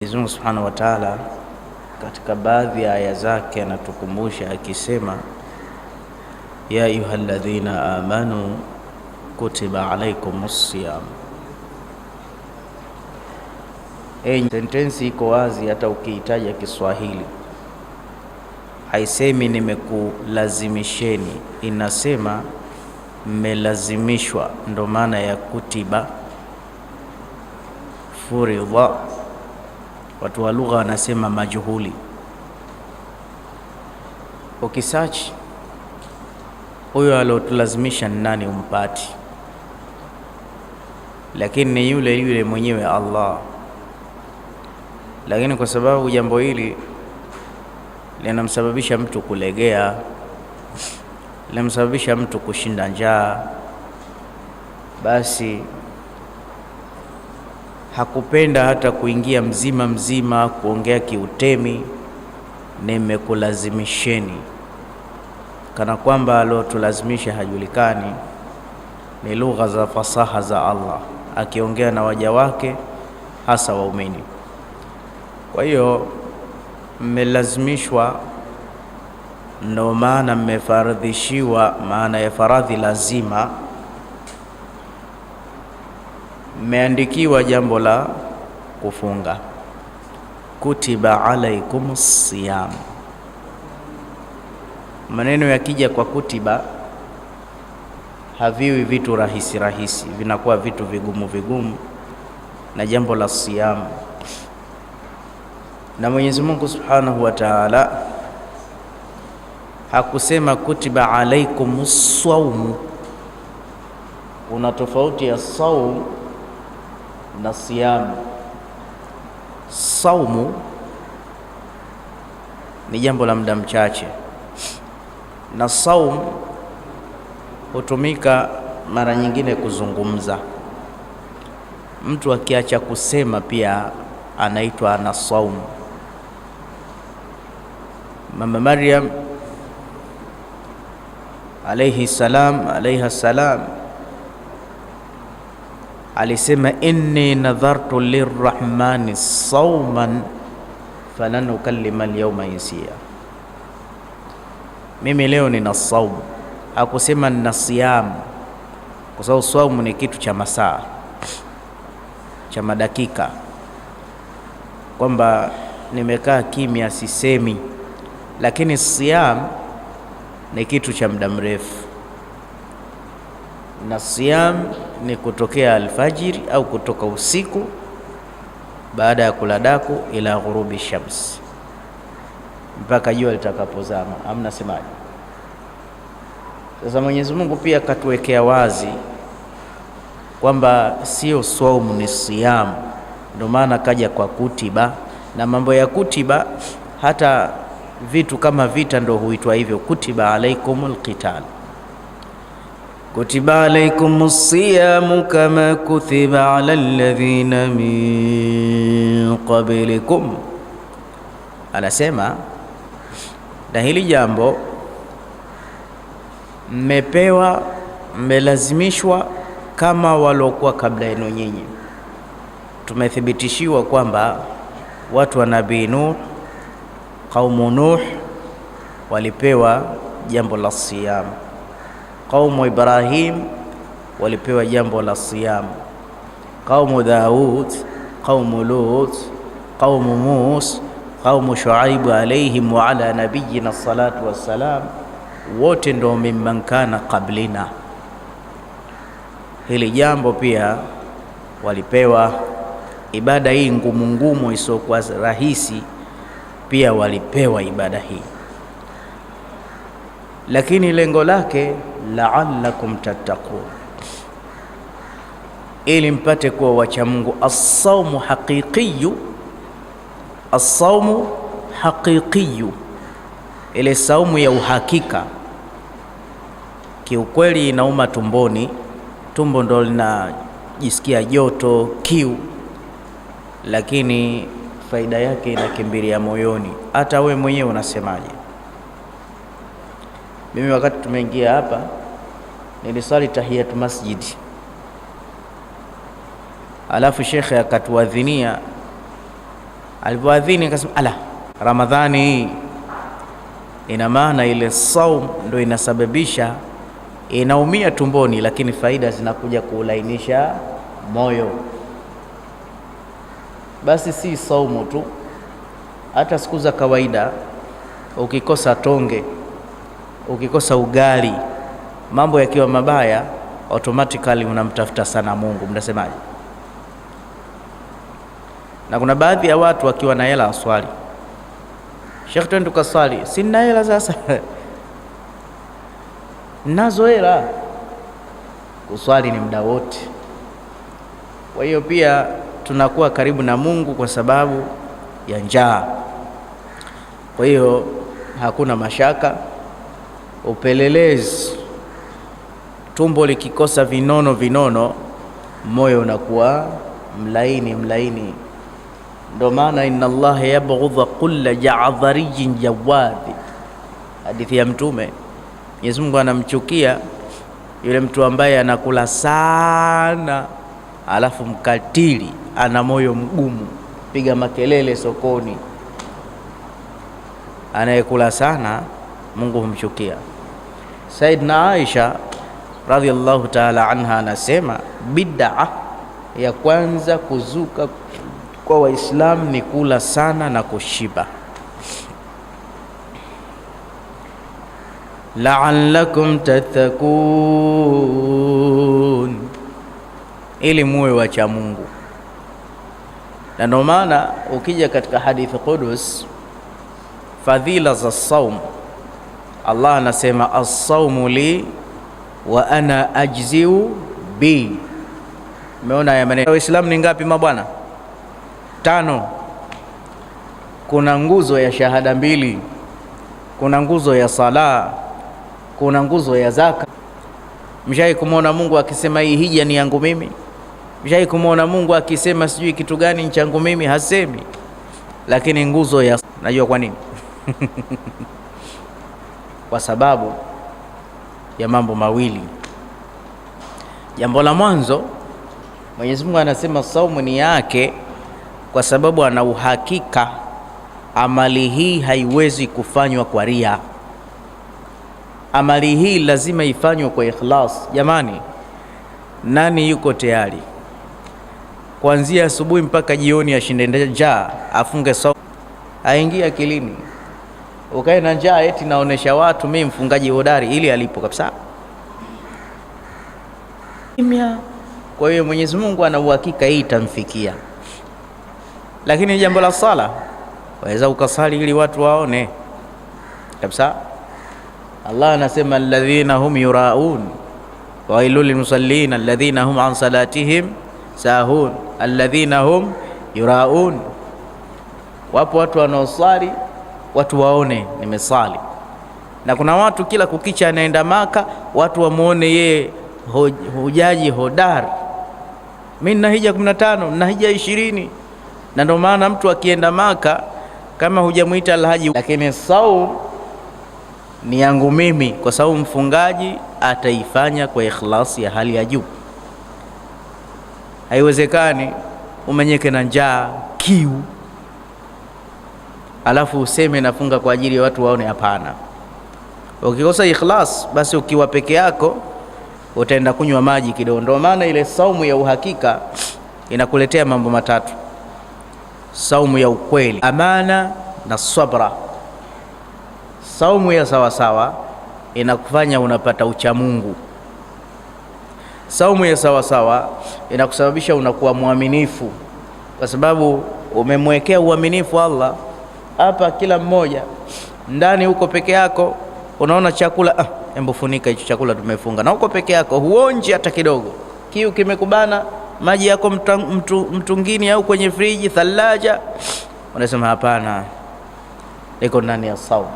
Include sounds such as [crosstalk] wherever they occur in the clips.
Mwenyezi Mungu Subhanahu wa Ta'ala katika baadhi ya aya zake anatukumbusha akisema, ya ayyuhalladhina amanu kutiba alaikumus siyam. Hey, sentensi iko wazi, hata ukihitaja Kiswahili haisemi nimekulazimisheni, inasema mmelazimishwa, ndo maana ya kutiba, furidha Watu wa lugha wanasema majuhuli. Ukisearch huyo aliotulazimisha nani umpati, lakini ni yule yule mwenyewe Allah. Lakini kwa sababu jambo hili linamsababisha mtu kulegea, linamsababisha mtu kushinda njaa, basi hakupenda hata kuingia mzima mzima kuongea kiutemi, nimekulazimisheni, kana kwamba aliotulazimisha hajulikani. Ni lugha za fasaha za Allah akiongea na waja wake, hasa waumini. Kwa hiyo mmelazimishwa, ndo maana mmefardhishiwa, maana ya faradhi lazima mmeandikiwa jambo la kufunga. Kutiba alaikum siyam. Maneno yakija kwa kutiba haviwi vitu rahisi rahisi, vinakuwa vitu vigumu vigumu, na jambo la siyam. Na Mwenyezi Mungu Subhanahu wa Ta'ala hakusema kutiba alaikum saumu. Kuna tofauti ya saumu na siamu. Saumu ni jambo la muda mchache, na saumu hutumika mara nyingine kuzungumza. Mtu akiacha kusema pia anaitwa ana saumu. Mama Maryam alaihi salam, alaiha salam alisema inni nadhartu lirrahmani sauman falan ukallima alyawma insiya, mimi leo nina saumu. Akusema nina siamu kwa sababu saumu ni kitu cha masaa cha madakika, kwamba nimekaa kimya sisemi, lakini siam ni kitu cha muda mrefu na siam ni kutokea alfajiri au kutoka usiku baada ya kula daku ila ghurubi shams, mpaka jua litakapozama. Amna semaje? Sasa Mwenyezi Mungu pia katuwekea wazi kwamba sio swaumu ni siamu, ndio maana kaja kwa kutiba na mambo ya kutiba. Hata vitu kama vita ndo huitwa hivyo, kutiba alaikumul qital kutiba alaikum siyamu kama kutiba ala alladhina min qablikum, anasema na hili jambo mmepewa, mmelazimishwa kama waliokuwa kabla yenu nyinyi. Tumethibitishiwa kwamba watu wa Nabii Nuh, qaumu Nuh walipewa jambo la siyamu Qaumu Ibrahim walipewa jambo la siyam, qaumu Daud, qaumu Lut, qaumu Mus, qaumu Shuaibu alaihim wa ala nabiyina salatu wassalam, wote ndo mimman kana qablina. Hili jambo pia walipewa ibada hii ngumu ngumu isiyokuwa rahisi, pia walipewa ibada hii, lakini lengo lake la'allakum tattaqun, ili mpate kuwa wachamungu. Assaumu haqiqiyu, assaumu haqiqiyu, ile saumu ya uhakika kiukweli inauma tumboni, tumbo ndo linajisikia joto, kiu, lakini faida yake inakimbilia ya moyoni. Hata we mwenyewe unasemaje? Mimi wakati tumeingia hapa niliswali tahiyatu masjidi, alafu shekhe akatuadhinia. Alipoadhini akasema ala, Ramadhani hii ina maana ile saum ndo inasababisha inaumia tumboni, lakini faida zinakuja kuulainisha moyo. Basi si saumu tu, hata siku za kawaida ukikosa tonge, ukikosa ugali Mambo yakiwa mabaya, automatically unamtafuta sana Mungu, mnasemaje? Na kuna baadhi ya watu wakiwa na hela aswali, Sheikh, twende tukaswali. Sina hela. Sasa [laughs] nazo hela, kuswali ni muda wote. Kwa hiyo pia tunakuwa karibu na Mungu kwa sababu ya njaa. Kwa hiyo hakuna mashaka, upelelezi tumbo likikosa vinono vinono, moyo unakuwa mlaini mlaini. Ndo maana inna allaha yabghudha kulla jaadharijin jawadhi, hadithi ya Mtume. Mwenyezi Mungu anamchukia yule mtu ambaye anakula sana, alafu mkatili, ana moyo mgumu, piga makelele sokoni. Anayekula sana Mungu humchukia. Saidna Aisha radhiallahu taala anha anasema bid'a ya kwanza kuzuka kwa Waislamu ni kula sana na kushiba. La'allakum tattaqun, ili muwe wacha Mungu. Na ndio maana ukija katika hadithi Qudus, fadhila za saum, Allah anasema as li wa ana ajziu bi. Umeona haya maneno. Waislamu ni ngapi mabwana? Tano. Kuna nguzo ya shahada mbili, kuna nguzo ya sala, kuna nguzo ya zaka. Mshai kumwona Mungu akisema hii hija ni yangu mimi? Mshai kumwona Mungu akisema sijui kitu gani ni changu mimi? Hasemi. Lakini nguzo ya najua kwa nini? [laughs] kwa sababu ya mambo mawili. Jambo la mwanzo, Mwenyezi Mungu anasema saumu ni yake kwa sababu ana uhakika amali hii haiwezi kufanywa kwa ria. Amali hii lazima ifanywe kwa ikhlas. Jamani, nani yuko tayari kuanzia asubuhi mpaka jioni ashinde njaa afunge saumu? Aingia akilini ukae na njaa eti naonesha watu mimi mfungaji hodari, ili alipo kabisa. Kwa hiyo Mwenyezi Mungu ana uhakika hii itamfikia. Lakini jambo la sala, waweza ukasali ili watu waone kabisa. Allah anasema alladhina hum yuraun wailul lilmusallin alladhina hum an salatihim sahun alladhina hum yuraun, wapo watu wanaosali watu waone nimesali. Na kuna watu kila kukicha anaenda Maka, watu wamwone yeye hujaji hodari. Mi nina hija 15 nina hija 20, na ndio maana mtu akienda Maka kama hujamwita alhaji, lakini saum ni yangu mimi, kwa sababu mfungaji ataifanya kwa ikhlasi ya hali ya juu. Haiwezekani umenyeke na njaa, kiu alafu useme nafunga kwa ajili ya watu waone, hapana. Ukikosa ikhlas, basi ukiwa peke yako utaenda kunywa maji kidogo. Ndio maana ile saumu ya uhakika inakuletea mambo matatu: saumu ya ukweli, amana na sabra. Saumu ya sawasawa inakufanya unapata uchamungu. Saumu ya sawasawa inakusababisha unakuwa mwaminifu, kwa sababu umemwekea uaminifu Allah hapa kila mmoja ndani huko peke yako unaona chakula ah, hebu funika hicho chakula tumefunga, na huko peke yako huonji hata kidogo, kiu kimekubana, maji yako mtungini au kwenye friji thalaja, unasema hapana, iko ndani ya saumu.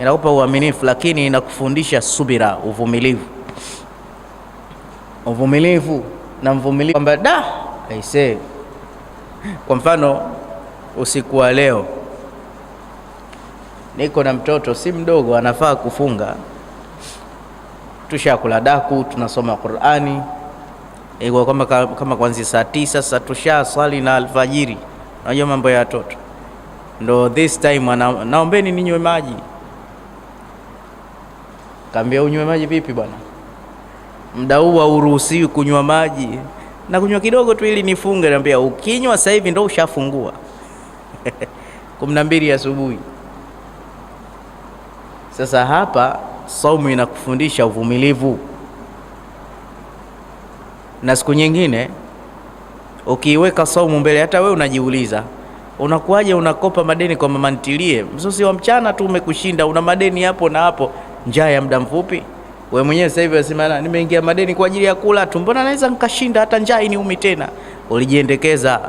Inakupa uaminifu, lakini inakufundisha subira, uvumilivu, uvumilivu na mvumilivu, kwamba da aisee, kwa mfano usiku wa leo niko na mtoto si mdogo, anafaa kufunga. Tushakula daku, tunasoma Qur'ani, ilikuwa kama kama kwanzia saa tisa. Sasa tusha swali na alfajiri, unajua mambo ya watoto ndo this time ana, naombeni ninywe maji. Kaambia unywe maji vipi bwana? Muda huu hauruhusiwi kunywa maji, na kunywa kidogo tu ili nifunge. Naambia ukinywa sasa hivi ndo ushafungua [laughs] kumi na mbili asubuhi. Sasa hapa saumu inakufundisha uvumilivu, na siku nyingine ukiiweka saumu mbele, hata we unajiuliza unakuwaje, unakopa madeni kwa mama ntilie, msosi wa mchana tu umekushinda, una madeni hapo na hapo, njaa ya muda mfupi. We mwenyewe sasa hivi unasema nimeingia madeni kwa ajili ya kula tu, mbona naweza nikashinda, hata njaa iniumi tena. Ulijiendekeza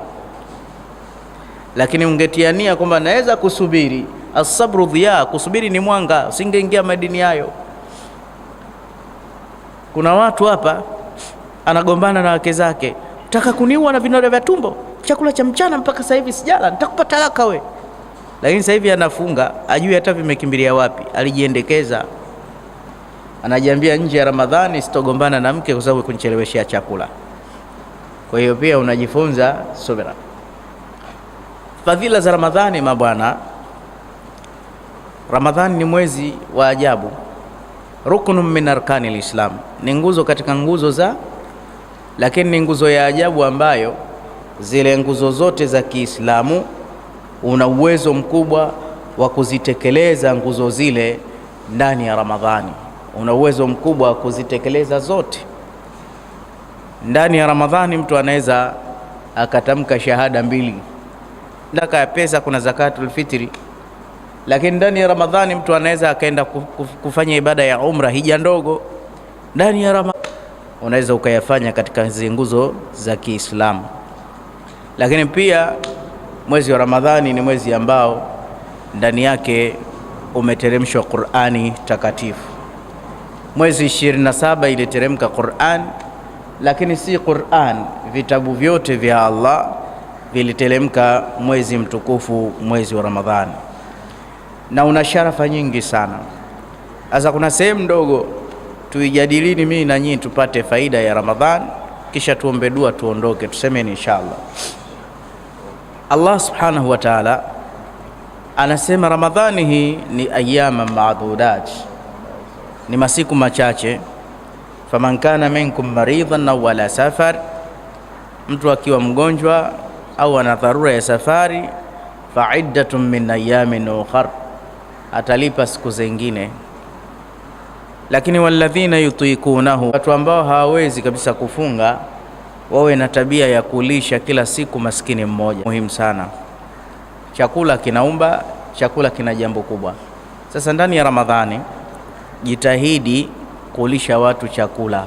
lakini mngetiania kwamba naweza kusubiri, asabru dhia, kusubiri ni mwanga, usingeingia madini hayo. Kuna watu hapa anagombana na wake zake, taka kuniua na vinole vya tumbo, chakula cha mchana mpaka sasa hivi sijala, nitakupa talaka we. Lakini sasa hivi anafunga, ajui hata vimekimbilia wapi, alijiendekeza. Anajiambia nje ya Ramadhani sitogombana na mke kwa sababu kunicheleweshea chakula. Kwa hiyo pia unajifunza subira. Fadhila za Ramadhani, mabwana. Ramadhani ni mwezi wa ajabu, ruknun min arkani lislam, ni nguzo katika nguzo za, lakini ni nguzo ya ajabu ambayo zile nguzo zote za Kiislamu una uwezo mkubwa wa kuzitekeleza nguzo zile ndani ya Ramadhani. Una uwezo mkubwa wa kuzitekeleza zote ndani ya Ramadhani. Mtu anaweza akatamka shahada mbili sadaka ya pesa, kuna zakatul fitri, lakini ndani ya Ramadhani mtu anaweza akaenda kufanya ibada ya umra, hija ndogo ndani ya Ramadhani unaweza ukayafanya katika hizi nguzo za Kiislamu. Lakini pia mwezi wa Ramadhani ni mwezi ambao ndani yake umeteremshwa Qur'ani takatifu. Mwezi 27 iliteremka Qur'an, lakini si Qur'an, vitabu vyote vya Allah vilitelemka mwezi mtukufu, mwezi wa Ramadhani, na una sharafa nyingi sana. Sasa kuna sehemu ndogo tuijadilini, mimi na nyinyi tupate faida ya Ramadhani, kisha tuombe dua tuondoke, tusemeni inshallah. Allah subhanahu wa ta'ala anasema Ramadhani hii ni ayama maadudat, ni masiku machache. Faman kana minkum maridhan au ala safar, mtu akiwa mgonjwa au ana dharura ya safari, fa iddatun min ayamin ukhar, atalipa siku zingine. Lakini walladhina yutikunahu watu ambao hawawezi kabisa kufunga wawe na tabia ya kulisha kila siku maskini mmoja. Muhimu sana, chakula kinaumba, chakula kina jambo kubwa. Sasa ndani ya Ramadhani jitahidi kulisha watu chakula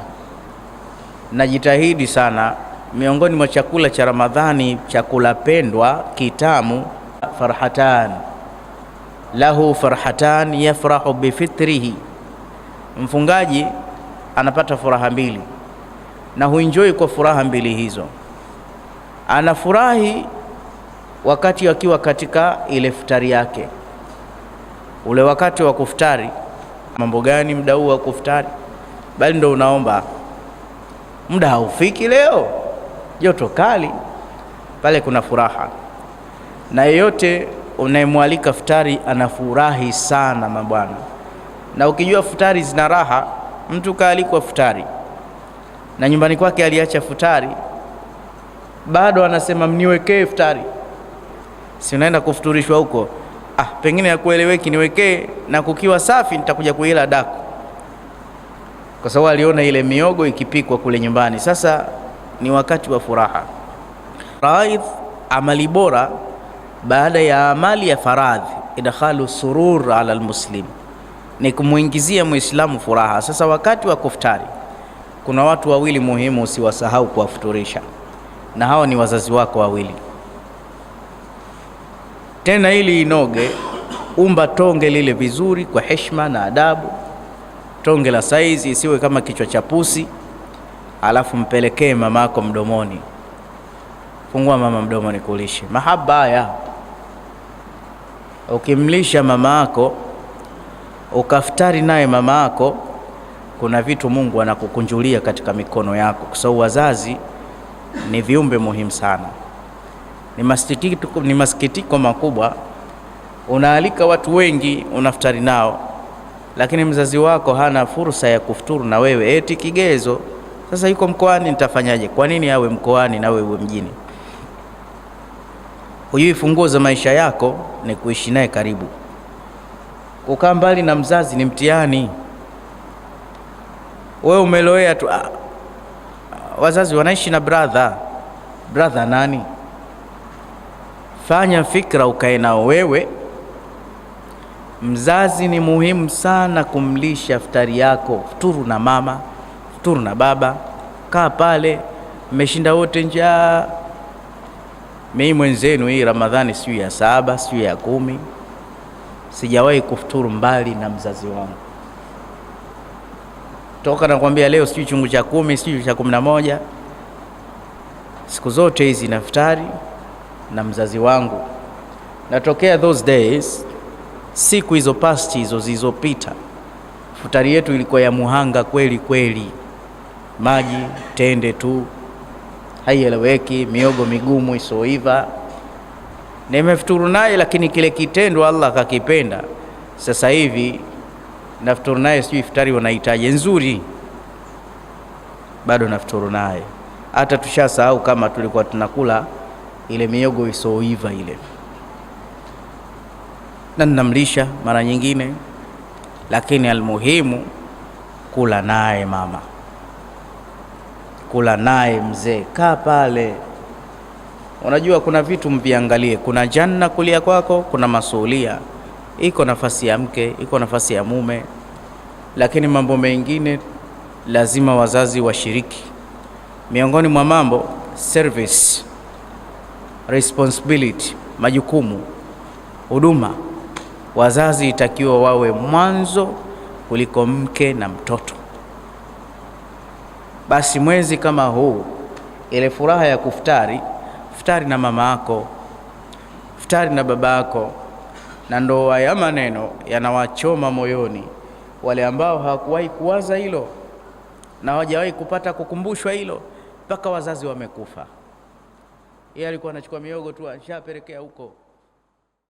na jitahidi sana Miongoni mwa chakula cha Ramadhani, chakula pendwa kitamu, farhatan lahu farhatan yafrahu bifitrihi, mfungaji anapata furaha mbili na huenjoy kwa furaha mbili hizo. Anafurahi wakati akiwa katika ile futari yake, ule wakati wa kufutari. Mambo gani muda huu wa kufutari? Bali ndo unaomba muda haufiki leo joto kali, pale kuna furaha, na yeyote unayemwalika futari anafurahi sana mabwana. Na ukijua futari zina raha, mtu kaalikwa futari na nyumbani kwake aliacha futari, bado anasema mniwekee futari, si unaenda kufuturishwa huko? Ah, pengine yakueleweki, niwekee na kukiwa safi nitakuja kuila daku, kwa sababu aliona ile miogo ikipikwa kule nyumbani. Sasa ni wakati wa furaha. Raidh, amali bora baada ya amali ya faradhi, idkhalu surur ala almuslim, ni kumwingizia muislamu furaha. Sasa wakati wa kuftari kuna watu wawili muhimu, usiwasahau kuwafuturisha, na hawa ni wazazi wako wawili. Tena ili inoge, umba tonge lile vizuri kwa heshima na adabu, tonge la saizi, isiwe kama kichwa cha pusi alafu mpelekee mamako mdomoni. Fungua mama mdomo nikulishe. Mahaba haya, ukimlisha mama ako ukafutari naye mama ako, kuna vitu Mungu anakukunjulia katika mikono yako, kwa sababu wazazi ni viumbe muhimu sana. Ni masikitiko, ni masikitiko makubwa, unaalika watu wengi, unafutari nao, lakini mzazi wako hana fursa ya kufuturu na wewe, eti kigezo sasa yuko mkoani, nitafanyaje? Kwa nini awe mkoani nawe uwe mjini? Hujui funguo za maisha yako ni kuishi naye karibu. Kukaa mbali na mzazi ni mtihani. Wewe umeloea tu, ah, wazazi wanaishi na brother. Brother nani? Fanya fikra, ukae nao wewe. Mzazi ni muhimu sana kumlisha futari yako, futuru na mama turu na baba, kaa pale, mmeshinda wote njaa. Mimi mwenzenu, hii Ramadhani siyo ya saba siyo ya kumi, sijawahi kufuturu mbali na mzazi wangu toka nakwambia, leo sijui chungu cha kumi sijui cha kumi na moja. Siku zote hizi naftari na mzazi wangu, natokea those days, siku hizo past hizo zilizopita, futari yetu ilikuwa ya muhanga kweli kweli maji tende tu, haieleweki, miogo migumu isoiva Nimefuturu naye, lakini kile kitendo Allah akakipenda. Sasa hivi nafuturu naye, sijui iftari wanahitaji nzuri, bado nafuturu naye, hata tushasahau kama tulikuwa tunakula ile miogo isoiva ile, na ninamlisha mara nyingine, lakini almuhimu kula naye mama kula naye mzee, kaa pale. Unajua kuna vitu mviangalie, kuna janna kulia kwako, kuna masuhulia iko nafasi ya mke, iko nafasi ya mume, lakini mambo mengine lazima wazazi washiriki. Miongoni mwa mambo service, responsibility, majukumu, huduma. Wazazi itakiwa wawe mwanzo kuliko mke na mtoto. Basi mwezi kama huu, ile furaha ya kufutari, futari na mama yako, futari na baba yako, na ndoa ya maneno yanawachoma moyoni wale ambao hawakuwahi kuwaza hilo na hawajawahi kupata kukumbushwa hilo mpaka wazazi wamekufa. Yeye alikuwa anachukua miogo tu ashapelekea huko.